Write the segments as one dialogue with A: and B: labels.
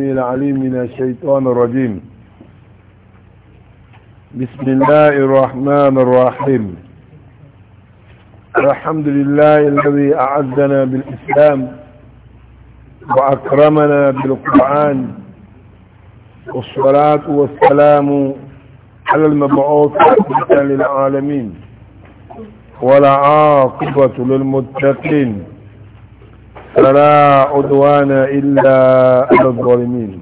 A: العليم من الشيطان الرجيم بسم الله الرحمن الرحيم الحمد لله الذي أعزنا بالإسلام وأكرمنا بالقرآن والصلاة والسلام على المبعوث للعالمين ولا عاقبة للمتقين فلا عدوان إلا على الظالمين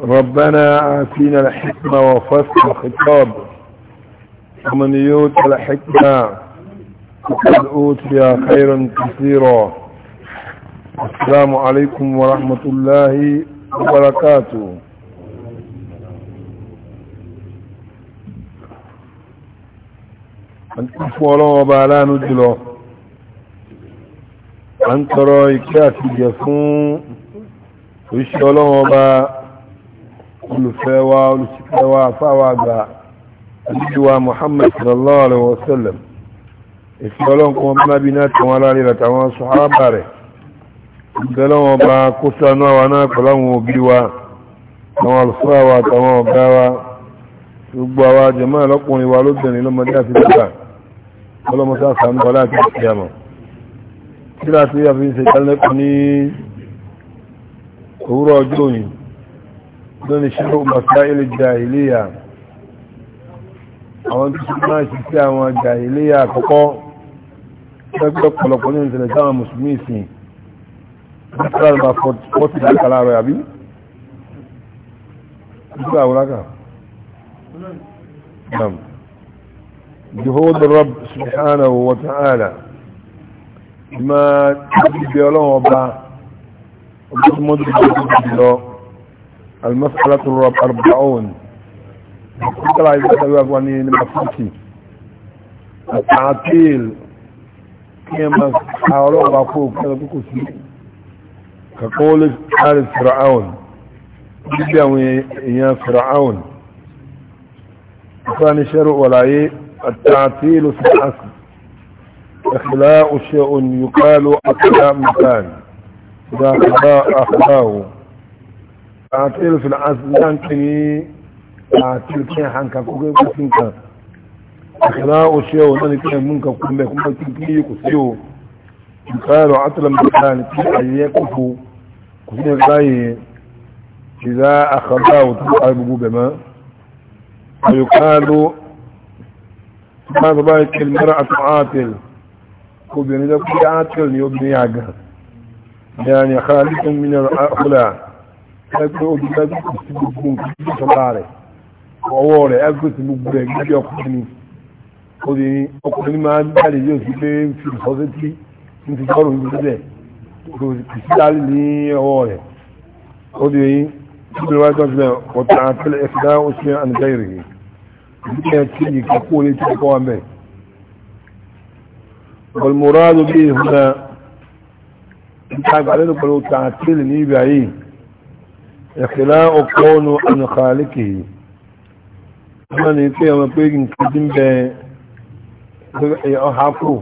A: ربنا آتينا الحكمة وفصل الخطاب ومن يوت الحكمة فقد أوتي خيرا كثيرا السلام عليكم ورحمة الله وبركاته أنتم فولوا وبالانوا جلوه a ń tọrọ ìkẹ́ àti ìjẹ fún oríṣẹ́ ọlọ́wọ́n ọba olùfẹ́ wa olùsìkẹ́ wa fáwọn àgbà àdíjúwa Muhammad sallallahu alaihi wasallam ìfẹ́ ọlọ́wọ́n kọ́ mọ́bí náà tí wọ́n lárí rẹ̀ tàwọn sọ́hábà rẹ̀ ìbẹ̀lọ́wọ́n ọba kó sánú àwọn náà pẹ̀lú àwọn òbí wa àwọn àlùfáà wa àtàwọn ọ̀gá wa gbogbo àwọn jẹ̀mọ́ ọlọ́kùnrin wa lóbìnrin lọ́mọdé àti sígbà ọlọ́mọdé àfààní ọlá àti ìṣẹ́ kíra tí a fi ṣe tẹ́lẹ́kọ́ ní òwúrọ̀ ọjọ́ òyìn lónìí ṣílò masáìlì jahiliya àwọn tó ṣe máa ṣe sí àwọn jahiliya àkọ́kọ́ pẹ́pẹ́ pọ̀lọpọ̀ ní ìṣẹ̀lẹ̀ sáwọn mùsùlùmí ìsìn nígbàtàlá fọ́tí lákàlá Rabb subhanahu wa ta'ala ma ibi ọlọ́wọ́ ọba ọba tó mọ́tò tó tó tó lọ alimọ́sálà tó rọ arbaun ìkọ́lá ìgbà tàbí wà ní nípa fúnkì àtàtìl kí ẹ máa ka ọlọ́wọ́ akó kẹ́lẹ́ kókò sí kàkọ́ lè kárí fìràáun bíbí àwọn èèyàn fìràáun ìfúnni sẹ́rù wọ̀láyé àtàtìl fi àsì إخلاء شيء يقال أخلاء مكان إذا أخلاء أخلاه أعطيل في العزل ينكري أعطيل كي حنكا كوكي كوكينكا أخلاء شيء ناني كي منكا كوكي كوكي كوكي كوكي يقال عطل مكان كي أيكفو كوكي كوكي إذا أخلاه تقعبه بما ويقال ما تبارك المرأة عاطل obìnrin lọ pé anatel ni obìnrin àgàn ìyára ni àkàrà lẹ́kùn mi náà àkúlà ẹgbẹ́ obìnrin lọ kò sí gbogbo nǹkan tó sọ́lá rẹ̀ ọwọ́ rẹ̀ ẹgbẹ́ sí gbogbo rẹ̀ gẹ́gẹ́ ọkùnrin obìnrin ọkùnrin máa ń jáde yóò sí pé ń fi ìfọ́sẹ́tì ń fi tọ́rùn ní sílẹ̀ والمراد به هنا انتعب علينا قلوا تعتيل نيبي عليه إخلاء كونه عن خالقه wọ́n ní pé ọmọ pé nǹkan tí ń bẹ ọha kù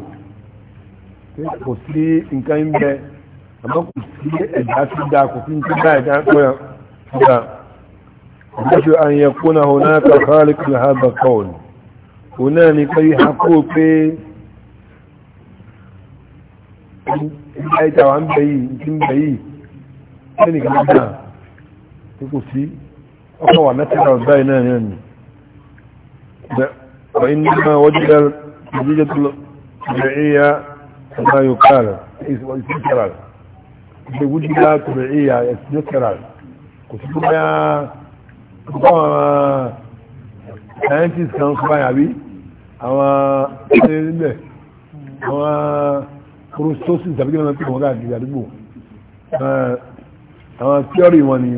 A: kò sí nǹkan ń bẹ àmọ́ kò sí ẹ̀dá tí dáa kò sí nǹkan dáa ẹ̀dá pẹ́ ọ̀gá ọ̀gbọ́sọ àyẹ̀kú náà ọ̀nà kàkàlẹ̀ kìlọ̀ ha bàkọ́ọ̀lù ọ̀nà ní pé ọha kù pé ẹgbẹ́ ìtawà ń bẹ yìí ti ń bẹ yìí ẹnì kan náà tó kò sí ọkọ̀ wà mẹ́tẹ́lá ọ̀dọ́ náà ni وإن وجد نتيجة طبيعية ما يقال يستكرر وجد طبيعية يستكرر كتبنا scientist kan kọ́ báyà bí àwọn ẹni prostosis tàbí kíni wọn pè wọn káàkiri àdúgbò àwọn tíọ́rì wọn ni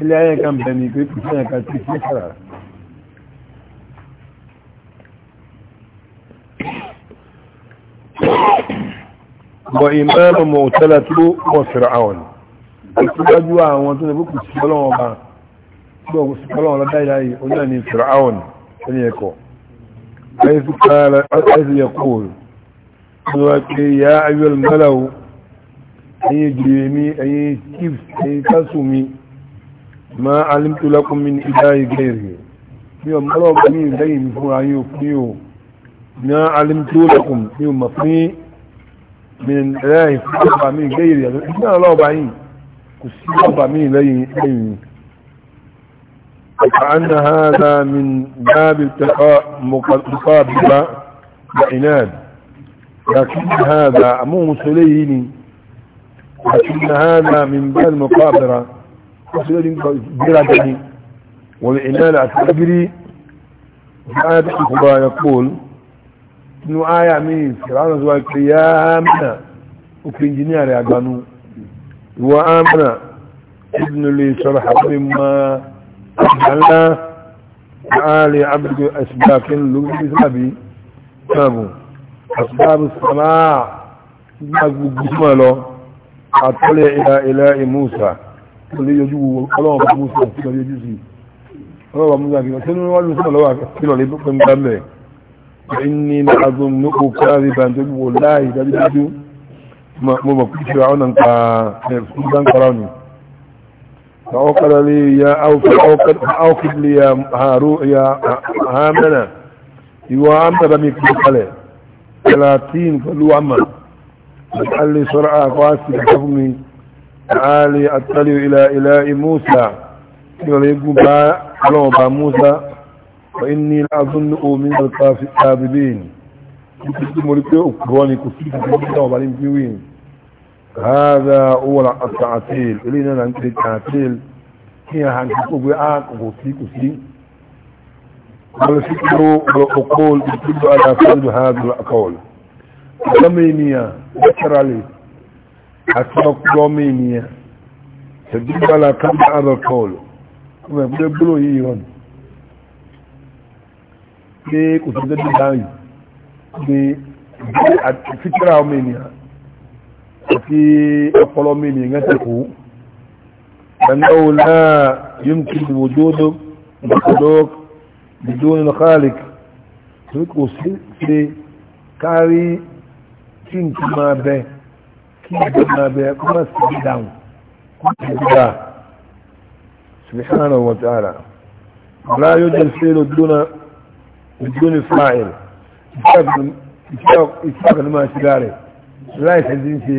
A: ilé ayé kan bẹ̀ ni pé kìí sẹ́yìn kan tí kìí sára wọ ìmọ̀ mọ̀tẹ́lẹ̀ tó wọ́n fẹ̀rẹ̀ àwọn ìtúwájú àwọn tó lẹ́bùkù sí ọlọ́wọ́n bá tó sí ọlọ́wọ́n lọ́dá ìdáyé onílẹ̀ ni fẹ̀rẹ̀ àwọn ẹni ẹ̀kọ́ يا أيها الملو أي جريمي أي كيف أي كسومي ما علمت لكم من إله غيري يوم ملو بني زي مفوع يوفنيو ما علمت لكم يوم مفني من إله فوق من غيري إنا الله بعين كسي بعين لي لي فأن هذا من باب التقاء مقابلة وعناد لكن هذا مو مسليني لكن هذا من باب المقابرة مسلين بردني والإنالة تجري فآية أخرى يقول إنه آية من فرعون زواج يا آمنة وكنجنيار يا قانون وآمنة ابن لي شرح مما أجعلنا آل عبد أسباك لغة إسلامي أسباب السماع gbogbo lọ àtọ́lẹ̀ ilẹ̀ ilẹ̀ ìmúsà tó lè yọjú ọlọ́wọ́ músà tí lọ yọjú sí ọlọ́wọ́ músà kí lọ sínú wọ́n lè sọ́nà lọ́wọ́ kí lọ lè pẹ́ gbẹ́mẹ̀ ní láàzùn ní kò kárí bá ń tó gbogbo láì dájúdájú mo mọ̀ kí ṣe àwọn nǹka ẹ̀fún bá ń kọ́ra nù ọkọ̀lẹ̀ ya áwọ̀kìlẹ̀ ya hàmẹ́nà ìwọ̀ hàmẹ́nà bá mi kí kalẹ̀ ثلاثين فالوعمة اجعل لي سرعة قاسي حفمي تعالي أتلي إلى إله موسى وليقوم بها موسى وإني لأظنه من الكاذبين كنت مريد أكراني كثيرا كثيرا وبعدين فيوين هذا هو التعطيل إلينا نعمل التعطيل هي هنكتب وآك وكثير كثير
B: والفكر
A: والقول يدل على فهم هذا القول ضمينية ذكر لي أسبق ضمينية تدل على فهم هذا القول كما يقولوا يهيون ليه كنت داي fitira ọmọ ènìyàn àti ọpọlọ ọmọ ènìyàn gẹ́sẹ̀kú ẹ̀nà òun náà yíò kí ìwòjó ọdọ́ ìgbàkọ̀dọ́ بدون الخالق kò sí ṣe kárí tí nǹkan máa bẹ kí nǹkan máa bẹ kó má sí dáhùn kó sì gbà subhanahu wa ta'ala la yujal fi'lu duna bidun fa'il ìṣẹ́ ọ̀kan máa ṣe láre láì tẹ́jú ṣe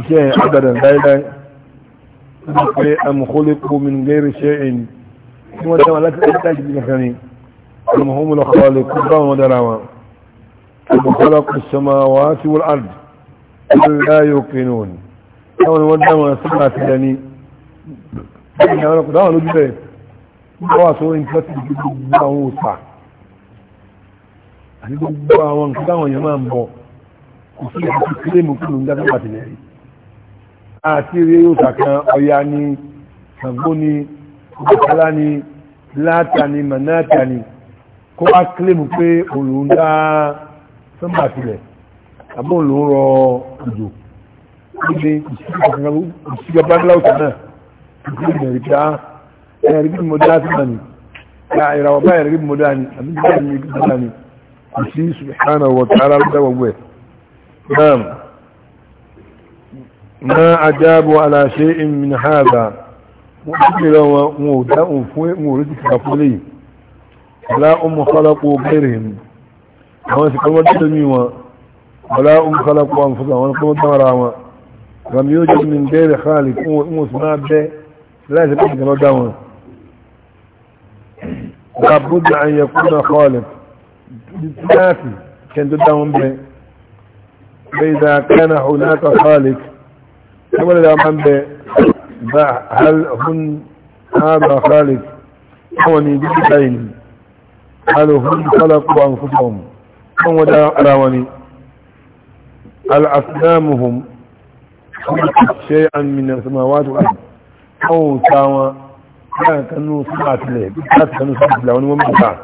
A: iṣẹ́ abadan láíláí wọ́n pẹ́ am khuliqu min ghairi shay'in wọ́n dá wọn láti jìbì kankan ni almuhumu lakawale kó bá wọn dára wọn ọgbọ̀n kọ́lọ́kù sọmọ wá sí wọ́n ard wọ́n láyé òkè ní wọn táwọn wọ́n dá wọn sọ́nà àti dání ìyàwó kò dáwọn lójú bẹ́ẹ̀ wọ́n wà sọ́wọ́ ìtọ́sí gbogbo àwọn òsà àti gbogbo àwọn nǹkan táwọn èèyàn máa ń bọ̀ kò sí àti kílèmù kúrò ń dákẹ́ kan ọya ni ṣàgbó ni ọ̀kálá ni látàní manátàní kó á kílèmù pé òun dá sọ́mbà sílẹ̀ àbọ̀ òun rọ òjò níbi ìṣúgbà báńgláwùsì náà ìṣúgbà ìrìn pé ah, ẹ̀rí bí mo dá sílẹ̀ ni ìràwọ̀ bá ẹ̀rí bí mo dá ni àbí bí wọ́n ti rẹ̀ wọn wọn ò dá òun fún wọn orí ti kà fún lè ọlá ọmọ kọ́lápọ̀ bẹ̀rẹ̀ mi àwọn sì kọ́lọ́ tó mi wọn ọlá ọmọ kọ́lápọ̀ àwọn fúnra wọn kọ́lọ́ dára wọn ram yóò jẹ́ mi bẹ̀rẹ̀ xaalì fún wọn wọn sì máa bẹ́ láìsí pé ìjọba dá wọn. ọlá bójú àyẹ̀ kún náà xaalì láti kẹ́ńtó dá wọn dá wọn bẹ́ẹ̀ باع هل هن هذا خالق حوني بكتين هل هن خلقوا أنفسهم هم ودا راوني هل أصنامهم خلقت شيئا من السماوات والأرض أو ساوى كانوا سمعت له كانوا سمعت له ومن بعد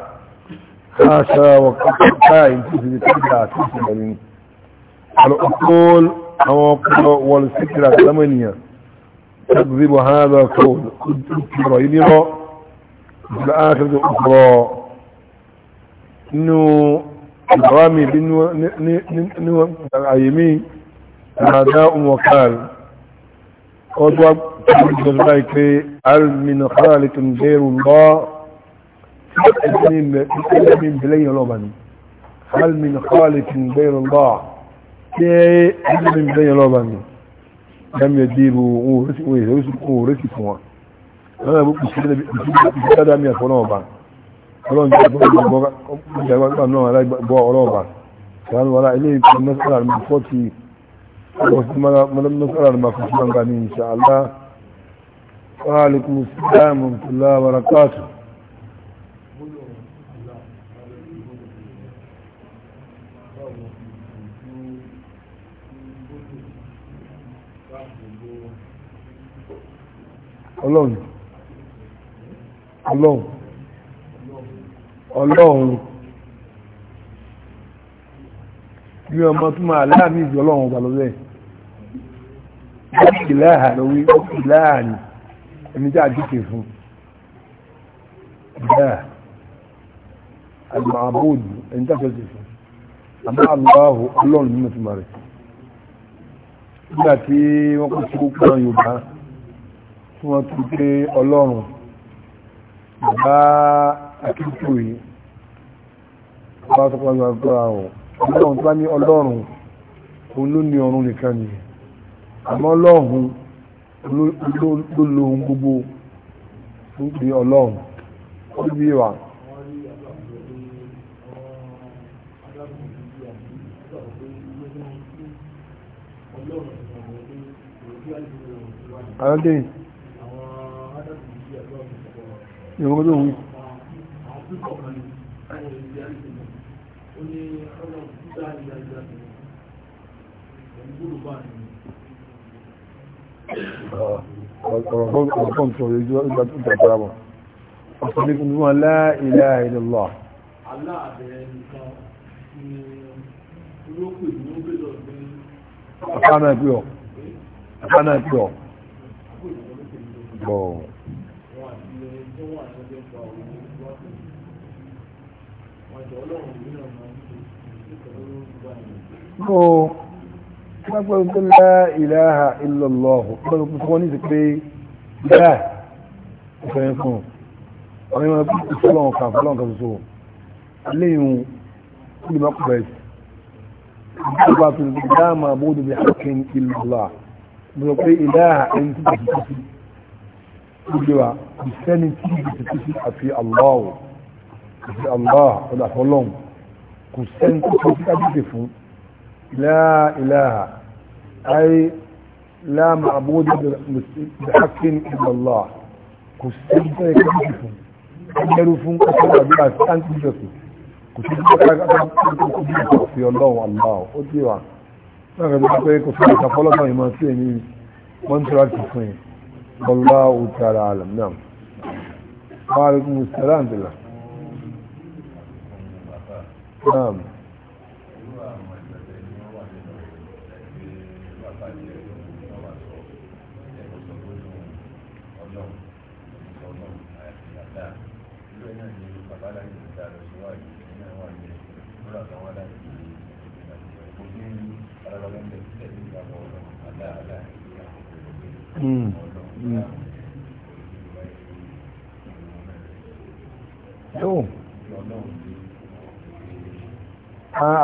A: حاشا وقت كائن تسجد تبدأ تسجد الأصول والفكرة الثمانية تكذب هذا كون كنت ترى ينيرا في الآخرة أخرى إنه إبرامي بنو عيمي أعداء وكال قد وقت هل من خالق غير الله من بلي لبن هل من خالق غير الله كي من بلي لبن lẹ́mí ẹ̀dẹ́rù ohun òrèsì fún wọn lọ́nà ìbú kìí dáadáa mi àfọ́nà ọba ọlọ́run jẹ́ ìgbàgbà náà aláìgbọ́ ọlọ́ọ̀ba ṣàánú wọlá ilé ìpín mẹ́sàlá mi fọ́tì mẹ́sàlá mi fọ́tì mẹ́sàlá mi fọ́tì ọlọ́run ọlọ́run ọlọ́run bí ọmọ tó máa láàmì ìjọ ọlọ́run ọba lọ́wọ́ ẹ̀ ọkì láàá lọ́wọ́ ọkì láàá ni ẹni tí a dìkẹ̀ fún bẹ́ẹ̀ àgbà àbóòdù ẹni tí a fẹ́ fún àmọ́ àlọ́hù ọlọ́run nínú tó máa rẹ̀ nígbà tí wọ́n kọ́ sí gbogbo àwọn Yorùbá tí wọ́n ti pé ọlọ́run bàbá akíkú yìí bá sọpọ̀ gbàgbà ọ̀ ọlọ́run tó bá ní ọlọ́run òun ló ní ọ̀run nìkan ni àmọ́ ọlọ́run ló lo ohun gbogbo tó di ọlọ́run ó bí wà.
B: Àwọn dèyí ìrọ̀gbọ́n
A: tó ń ọ̀pọ̀n tó yóò jọ ìgbà tó tẹ̀kọ́ra wọn ọ̀pọ̀ ní kùnú wọn la ilaha illallah
B: Àpá náà pé ọ̀.
A: Àpá náà pé ọ̀. mo gbàgbọ́ pé la ilaha illallah gbàgbọ́ pé wọ́n ní ti pé ìlà ìfẹ́ fún ọ̀rọ̀ ìwọ̀n pé ìfọlọ́n kan fọlọ́n kan soso léyìn ó lè má kú bẹ́ẹ̀ sí ìgbà tó ti dá máa bóde bí hakin illallah ìfẹ́ allah ọ̀dà fọlọ́n kò sẹ́ni tó kọ́ sí kábíyèsí fún láìláha ayé láàmà àbúrò bẹ̀hákín ìlọ́lá kò sẹ́ni tó yẹ kábíyèsí fún ẹgbẹ́rú fún ọ̀sán àbí àti àǹtí jọ̀sìn kò sí tó ká kábíyèsí fún ọ̀sán ọlọ́run allah ó dé wa náà kẹ́lẹ́ pé kò Naam.
C: Thank you.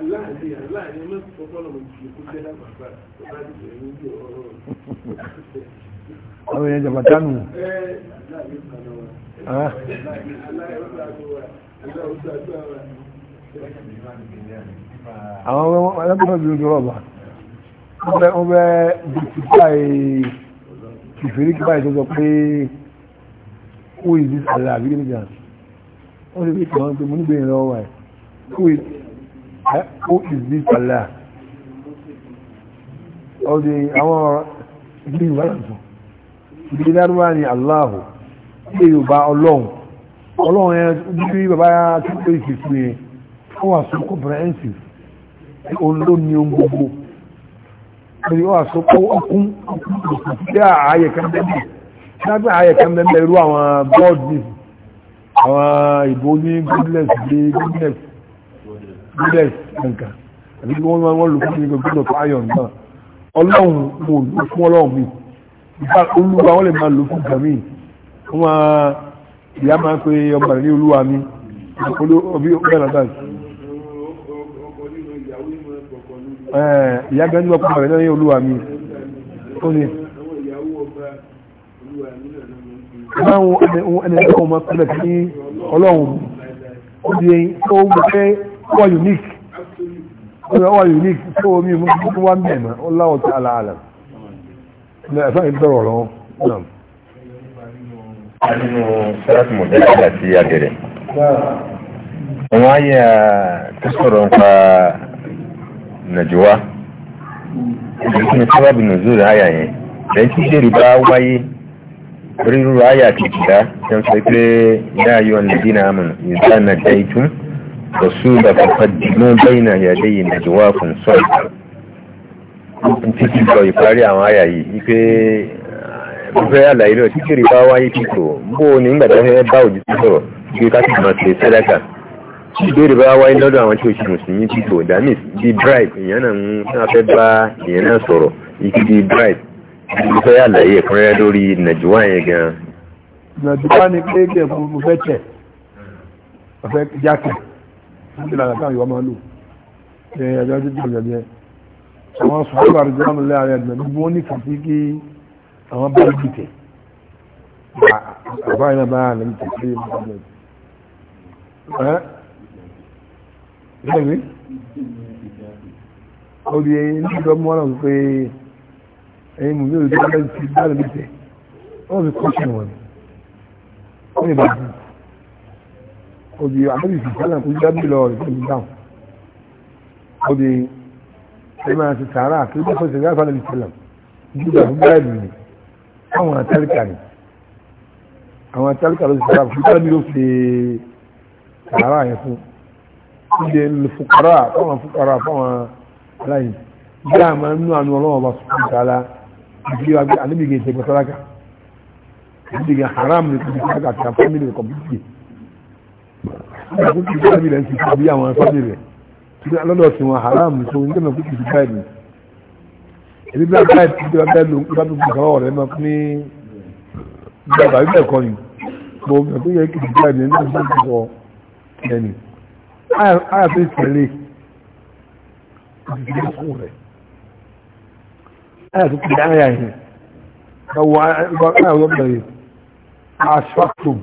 B: aláàlẹ́ aláàlẹ́ mẹ́sàn-án fọ́fọ́nà mo jù kó jẹ́ dáàbà bá tó bá ti bẹ̀rẹ̀ ní bí ọ̀rọ̀ rẹ̀. Àwọn èèyàn jàmbá dánù. Ah.
A: Àwọn alákùnrin bí ojú ọba. Wọ́n bẹ́ bìtì báyìí kìfìrí kí báyìí tó sọ pé who is this Allah àbí kí ni jà? Wọ́n ti fi kàn án pé mo nígbè yẹn who is this Allah ọdí àwọn ilé ìwárànjú ilé lárúwá ni Allahu ilé Yorùbá ọlọ́run ọlọ́run ẹ bí bàbá tó pé ìfìsú yẹn ó wà so comprehensive olóni ohun gbogbo ẹni ó wà so ọkún sí ààyè kan bẹ́ẹ̀ lábẹ́ ààyè kan bẹ́ẹ̀ irú àwọn bọ́ọ̀dù àwọn ìbò ní goodness dé goodness buddhist nǹkan àbí wọ́n máa wọ́n lò fún mi gbogbo ọ̀tọ̀ ayọ̀ náà ọlọ́run mo lò fún ọlọ́run mi ìfà olúwa wọ́n lè máa lò fún gàmí wọ́n máa ìyá máa pe ọmọ rẹ̀ ní olúwa mi ọbí ọbẹ̀ náà dáì.
B: ìyá gan ní ọkọ rẹ̀ náà ní olúwa mi ó ní. máa
A: ń ẹni ẹ̀kọ́ máa kúlẹ̀ sí ọlọ́run ó di ó wù pé wọ́n unique wọ́n unique tó omi mú wá mẹ́mọ́ ó láwọ̀ tí aláàlá ẹ̀fẹ́ ìbẹ̀rọ̀ lọ́wọ́
D: náà nínú sẹ́láàtì mọ̀tẹ́lá àti àgẹ̀rẹ̀ àwọn ayé tó sọ̀rọ̀ nípa nàìjíríà ìdíkí ni sábàbí nùzúrù àyà yẹn lẹ́yìn tí ìṣèlú bá wáyé rírú àyà kìkìdá ṣe ń sọ pé ní ayọ̀ nàìjíríà mọ̀ ìdá nàìjíríà ìtún rasula faqaddimu bayna yadayi najwakum sọ́ọ̀tà títí lọ ìparí àwọn àyà yìí wípé fẹ́ àlàyé lọ tí kiri bá wáyé kíkò bó ní ìgbàdá fẹ́ bá òjì tí sọ̀rọ̀ bí ká sì máa ṣe sẹ́dáka tí ìbéèrè bá wáyé lọ́dọ̀ àwọn tí ó ṣe mùsùlùmí kíkò dàmí bí bribe èèyàn náà ń tí wọ́n fẹ́ bá èèyàn náà sọ̀rọ̀ ikú bí bribe mo fẹ́ àlàyé ẹ̀kúnrẹ́rẹ́ lórí nàìjíríà yẹn gan
A: nàìjíríà ni pé kẹ́ níbi lànà táwọn Yorùbá máa lò ṣe ẹjọ́ títí ọ̀gẹ̀dẹ̀ yẹn àwọn sọ̀rọ̀ àrùn jẹ́ àmì láàrin ẹ̀dùn ẹ̀dùn wọn ní kàtí kí àwọn bá lùkì tẹ̀ àbá yẹn bá lùkì tẹ̀ sí ìmọ̀lẹ̀ ẹ̀ lẹ́gbẹ̀ẹ́ òbí ní ìjọ mú wọn pé ẹ̀yin mú mi ò dé bá lùkì tẹ̀ wọ́n fi kọ́ṣẹ̀ wọn ní ìbàdí òdì àmọ́bì sì sálà kó jábì lọ rẹ̀ pẹ̀lú dáhùn òdì ẹ máa ti sàárà kí ó fẹ́ sẹ̀gá fàlẹ̀ sẹ̀lẹ̀ júdà fún báyìí ni àwọn àtàlìkà ni àwọn àtàlìkà ló ti sàárà fún báyìí ló fi sàárà yẹn fún ìdè fúkàrà fáwọn fúkàrà fáwọn aláìní bí a máa ń nú àánú ọlọ́wọ́ bá sùn ìtàlá ìdí àníbìgì ìṣẹ̀gbẹ̀sáráka ìdígì haram ní ìṣẹ̀gbẹ̀sáráka àkókò ìgbà mi rẹ̀ ń sisi àbí àwọn afẹ́mi rẹ̀ tí lọ́dọ̀ sí wọn haram ní so nígbà kókò ìgbà báyìí ni èmi bí wọ́n báyìí tí wọ́n bẹ́ẹ̀ lò nígbà tó kù kọ́ ọ̀rẹ́ máa ní gbàgbà bíbẹ̀ kọ́ ni mo gbà tó yẹ kí ìgbà báyìí ni nígbà tó kù kọ́ ẹni àyàfi tẹ̀lé ìdílé fún rẹ̀ àyàfi tẹ̀lé àyà yẹn báwo àyàwó bẹ̀rẹ̀ àṣọ àtòmù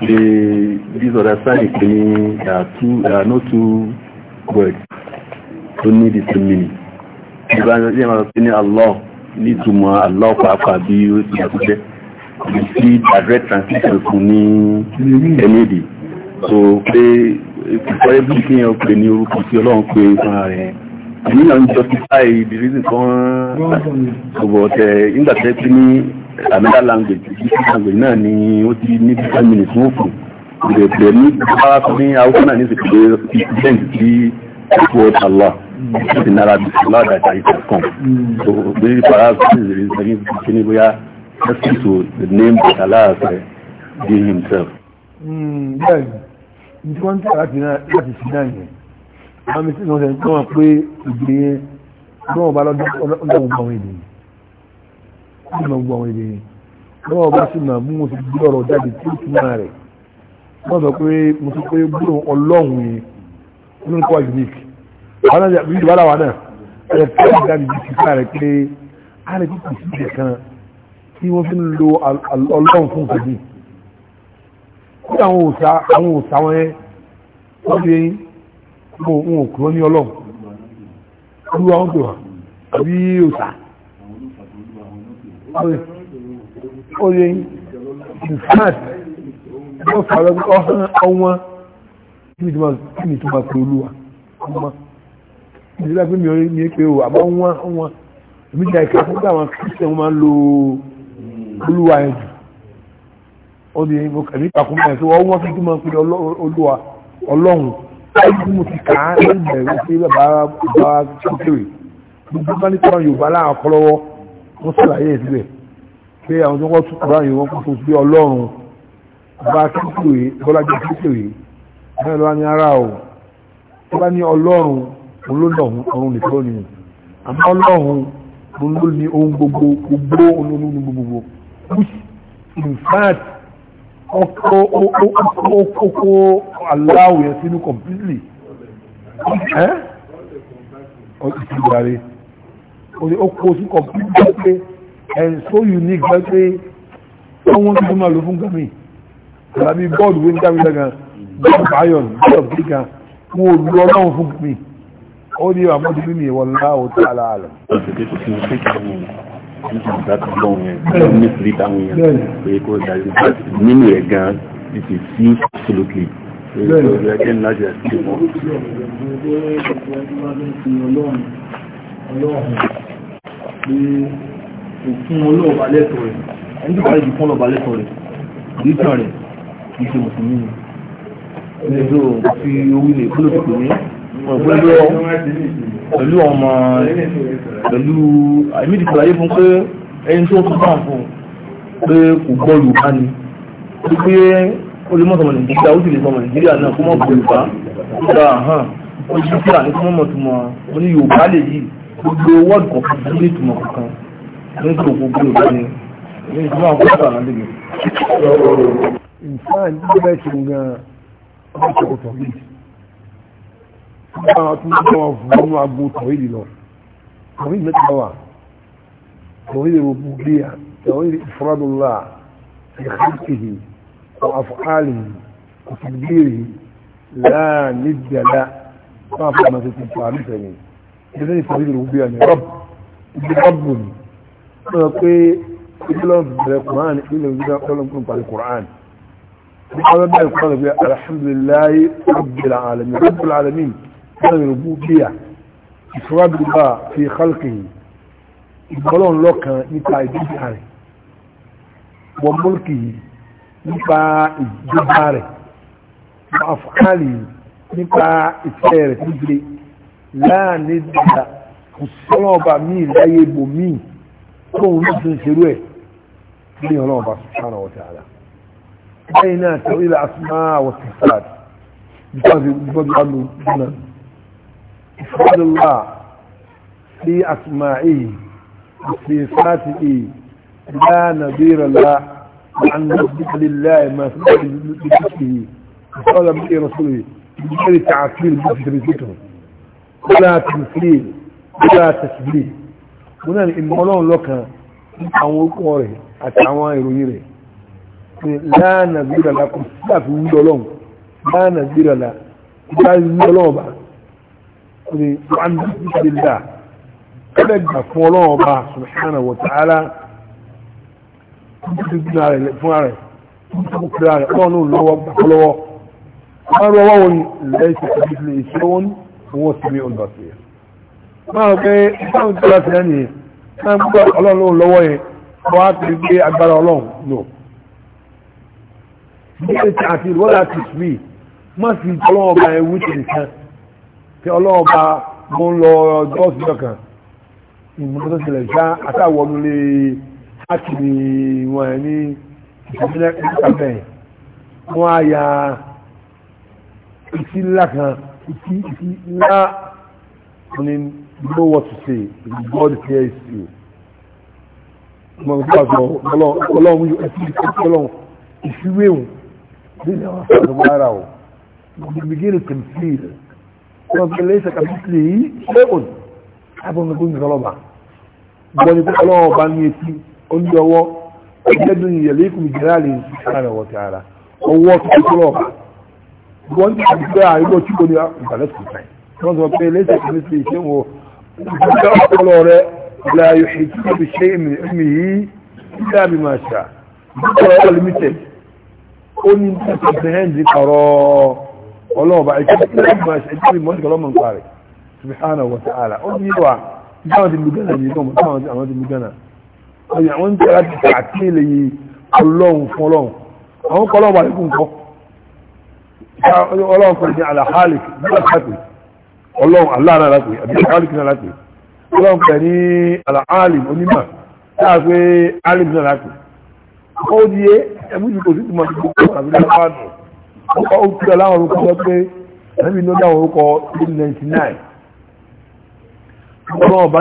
C: the this other side is saying there are two there are no two words tó need it to meaning If I say ti ní Allah to ìtumọ̀ Allah pàápàá bí ó ti yẹ kó jẹ́ kò sí direct translation fún ní ẹni so pé preferably kí yẹn pè ní orúkọ tí Ọlọ́run pé fúnra rẹ̀ èmi justify the reason kan ọ̀bọ̀ tẹ̀ eh, nígbà tẹ́ pé ní another language
B: different language
C: náà ni ó ti ní different minutes wọ́n fún ìrẹ̀bẹ̀ ní bá ní haúsá náà ní ìsìnkú president tí wọ́n ta lọ láti nára bí i láti àjà ìtàn kan so bí i para ìrìn ìrìn ìrìn ní bóyá listen to the name of Allah be himself.
A: Hmm, bẹ́ẹ̀ ni tí wọ́n ń tẹ̀ láti sí náà yẹn àwọn mẹ́sìn náà sẹ́ni tó wọ́n pé ìgbé náà bá lọ́dún ọlọ́run bá wọn ènìyàn ní ọmọ gbogbo àwọn èdè yẹn wọ́n ọba sì mà mú mo ti gbé ọ̀rọ̀ jáde tí ó túmọ̀ rẹ̀ wọ́n sọ pé mo sọ pé gbúrò ọlọ́run yìí ló ń kọ́ unique àwọn náà bí ìjọba làwọn náà ẹ̀ fẹ́ jáde bí ti fà rẹ̀ pé a lè tètè sí ìjẹ kan tí wọ́n fi ń lo ọlọ́run fún nǹkan bí kí àwọn òòsà àwọn òòsà wọn yẹn wọ́n fi wọn ò kúrò ní ọlọ́run olúwa wọn pè wá àbí òòsà oye infact yóò fàwọn ọ̀hán ọwọ́n kí ni tó máa pè olúwa ọmọ ìdílé pé mi pé o àmọ́ wọ́n wọ́n èmi jẹ́ ìka fún àwọn kírísítẹ̀ wọ́n máa ń lo olúwa ẹ̀ jù ó di mo kẹ̀mí ìkàkùn mẹ́rin tó wọ́n wọ́n fi tó máa ń pè olúwa ọlọ́run láì tí mo ti kà á ní ìbẹ̀rù pé bàbá bàbá kékeré gbogbo bá ní tọ́rọ yorùbá láàkọ́ lọ́wọ́ wọ́n sàlàyé ìsílẹ̀ pé àwọn tó wọ́n túnkọ̀ ráyìn wọn kún fún sí ọlọ́run bá kíkìwé bọ́lájọ́ kíkìwé bẹ́ẹ̀ ló ní ara o tó bá ní ọlọ́run olóńdọ̀hún ọ̀run nìkan ló àmọ́ ọlọ́run ló ní ohun gbogbo gbogbo olóńdọ̀hún gbogbo which in fact ọkọ̀ okòkò sínú completely ẹ́ ọ̀sìn ìgbà rẹ̀ òní ó kó sí kọ̀mpútà pé ẹ̀ so unique bẹ́ẹ̀ pé wọ́n ti máa lò fún gami tàbí bọ́ọ̀dù wọ́n ń gami lẹ́gàn bọ́ọ̀dù iron gíga wọn ò ọlọ́run fún mi ó ní àmọ́dé mímì ìwọ̀n ńlá
C: ò is used absolutely
B: Ọlọ́run pé kò fún ọlọ́ọ̀bà lẹ́tọ̀ọ́ rẹ̀ ẹni tó kàlejò fún ọlọ́ọ̀bà lẹ́tọ̀ọ́ rẹ̀ ìdíjọ́ rẹ̀ kì í ṣe mùsùlùmí ni ẹjọ́ fi orí lè kúlò tó pè mí pẹ̀lú ọmọ pẹ̀lú àìmídìí ṣàlàyé fún pé ẹni tó tún bá fún pé kò gbọ́ Yorùbá ni ó pé ó lè mọ̀ sọmọ Nàìjíríà ó sì lè sọmọ Nàìjíríà náà kó mọ̀ Yorùbá ó dáa hàn ó yí sí àníkú mọ̀ mọ̀ tó mọ̀ ó ní Yorùbá lè yìí gbogbo wọ́ọ̀dù kọ̀ọ̀kan tó ní ìtumọ̀ kankan ní ìtumọ̀ gbogbo ìgbà ni ní ìtumọ̀ àwọn kọ́kọ́ àwọn àlejò.
A: ìfáàn tí bẹ́ẹ̀ ṣe ń gan ọmọ ìṣòro tọ̀wé nígbà wọn tún bá wọn fún inú agbo tọ̀wé yìí lọ tọ̀wé mẹ́ta wà tọ̀wé yìí rògbò bí i tọ̀wé yìí ìfúradùnlá
B: ìhàkìhì
A: وأفعاله وتدبيره لا ند له ما فهمت التعريف ilé ìtàrí ìlú bí ọ̀nà rọ́bù ibi rọ́bù ni wọ́n pé ìlọ́ọ̀bù bẹ̀rẹ̀ kùrán ilẹ̀ ìjọba ọlọ́gbọ̀n pàdé kùrán ní ọjọ́ bẹ̀rẹ̀ kùrán pé alhamdulillahi rabbil alamin rabbil alamin wọ́n rẹ̀ rúbú bíyà ìfúrábìlá fi khalqihi ìgbọ́lọ́n lọ́kàn nípa ìdíjà rẹ̀ wọ́n mọ́lùkì nípa ìjọba rẹ̀ wọ́n afkali nípa ìfẹ́ rẹ̀ tó láàrin ìdíjà kò sọ́rọ̀ ọba míì láyé ibò míì tóun ló tún ṣerú ẹ̀ ní ọlọ́run ọba subhanahu wa ta'ala lẹ́yìn náà tẹ̀wé ilẹ̀ asma wa sifat because because wa lu duna ifadullah fi asma'ihi wa sifatihi la nadira la an nabda lillahi ma fi dhikrihi qala bi rasulihi bi ta'til bi dhikrihi bílá tìfìlì bílá tìfìlì mo náà ní ìmọ̀ ọlọ́run lọ́kàn àwọn orúkọ rẹ̀ àti àwọn ìròyìn rẹ̀ ní láàánà gbírànlá kò sí àfi wúlò ọlọ́run láàánà gbírànlá bá wúlò ọlọ́run bá ní wọ́n ti fi ṣe dá ẹgbẹ́ gbà fún ọlọ́run bá subhanahu wa ta'ala fún ààrẹ ọlọ́run lọ́wọ́ gbà fọlọ́wọ́ wọ́n rọwọ́ wọn lẹ́yìn ìṣẹ́ هو السميع البصير ما هو بي سام ثلاث يعني سام قال الله لو لو وقت بي عبر الله لو بيت تعطيل ولا تشبيه ما في الله با يوتي كان في الله با mo ń lọ ọjọ́ ọ̀sìnjọ́ kan ìmúlò sílẹ̀ ṣá àtàwọnú lé láti ní wọn ẹ̀ ní ìṣẹ́lẹ̀ ìṣàbẹ̀ wọn á ya ìtí ńlá kan If you, if you not, I mean, you know what to say. God hears you. Ìfiwé wọn nínú àwọn àṣàrùn ara ọ̀. You begin to conceal. Wọ́n fi lè ṣe kàbíkìlì yìí ṣéun. Àbọ̀n gbogbo nǹkan lọ́ba. Wọ́n ni púpọ̀ lọ́wọ́ bá ní etí, ó ní ọwọ́. Ẹgbẹ́ dùn ìyẹ̀lẹ́kùn ìjẹ́rà lè ṣe ara rẹ̀ wọ̀ ti ara. Ọwọ́ tó kúrò ọ̀bà wọ́n ti ah, ti gbé àìgbò tí kò ní ìgbàlẹ́sì rẹ̀ wọ́n sọ pé lẹ́sẹ̀ kò ní sí iṣẹ́ wo
C: ìgbàlẹ́ ọpọlọ
A: rẹ̀ la yóò ṣe o fi ṣe èmi yìí ilé àmì máa ṣà ìgbàlẹ́ ọpọlọ limited ó ní ní comprehend ọ̀rọ̀ ọlọ́ọ̀bà ìjọba ilé àmì máa wa ta'ala ó ní wa ìjọba ti mú gánà yìí náà táwọn ti mú gánà àwọn ń tẹ́ra ti tààtí ilé yìí ọlọ́run fún ọlọ́run àwọn kọ́ ọlọ́run kò ní alahalik nígbàtàkì ọlọ́run alára lápè àbí alahalik náà lápè ọlọ́run kò ní alahalim onímọ̀ táà pé alim náà lápè ó di é ẹbújú kò sí tìmọ̀ tó kọ́ àbí lápá nù ọkọ̀ ó ti aláwọn orúkọ lọ pé ẹbí ló dáwọn orúkọ 1999 ọlọ́run bá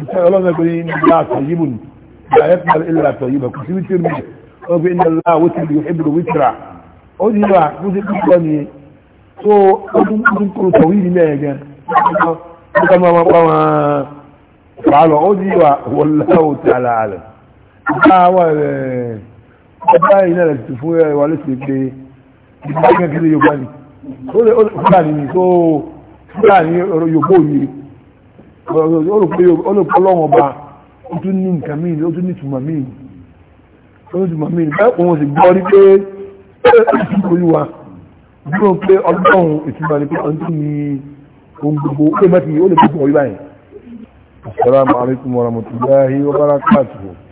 A: ìṣẹ́ ọlọ́mẹ́gbẹ́ ní ìlà àtọ̀yìbù ní ìdáyẹ́pẹ̀lẹ̀ ìlà àtọ̀yìbù kò sí wítìrì mẹ́ ọgbẹ́ iná láwọ́ ti lè ẹbùrù wítìrà ó ní wà ó ti kú lọ ní tó ọdún kúrò tọ̀wí ní mẹ́ẹ̀gẹ́ nígbà máa pa wọn wà lọ ó ní wà wallahu ta'ala alam báwa rẹ̀ ọba iná rẹ̀ ti fún ẹ wà lẹ́sẹ̀ pé ìgbà kẹ́kẹ́ yorùbá ni ó lè fúlàní ni tó fúlàní yorùbá yìí olùpọ̀lọ́wọ̀n ọba ó tún ní nǹkan míì ó tún ní ìtumọ̀ míì ó ní ìtumọ̀ míì bẹ́ẹ̀ òun sì gbọ́ rí pé olúwa dúró pé ọlọ́run ìtumọ̀ ní pé ọdún tó ní ohun gbogbo ó lè mẹ́tì ó lè gbogbo ọ̀rí báyìí. Assalamu alaikum warahmatullahi wabarakatuh.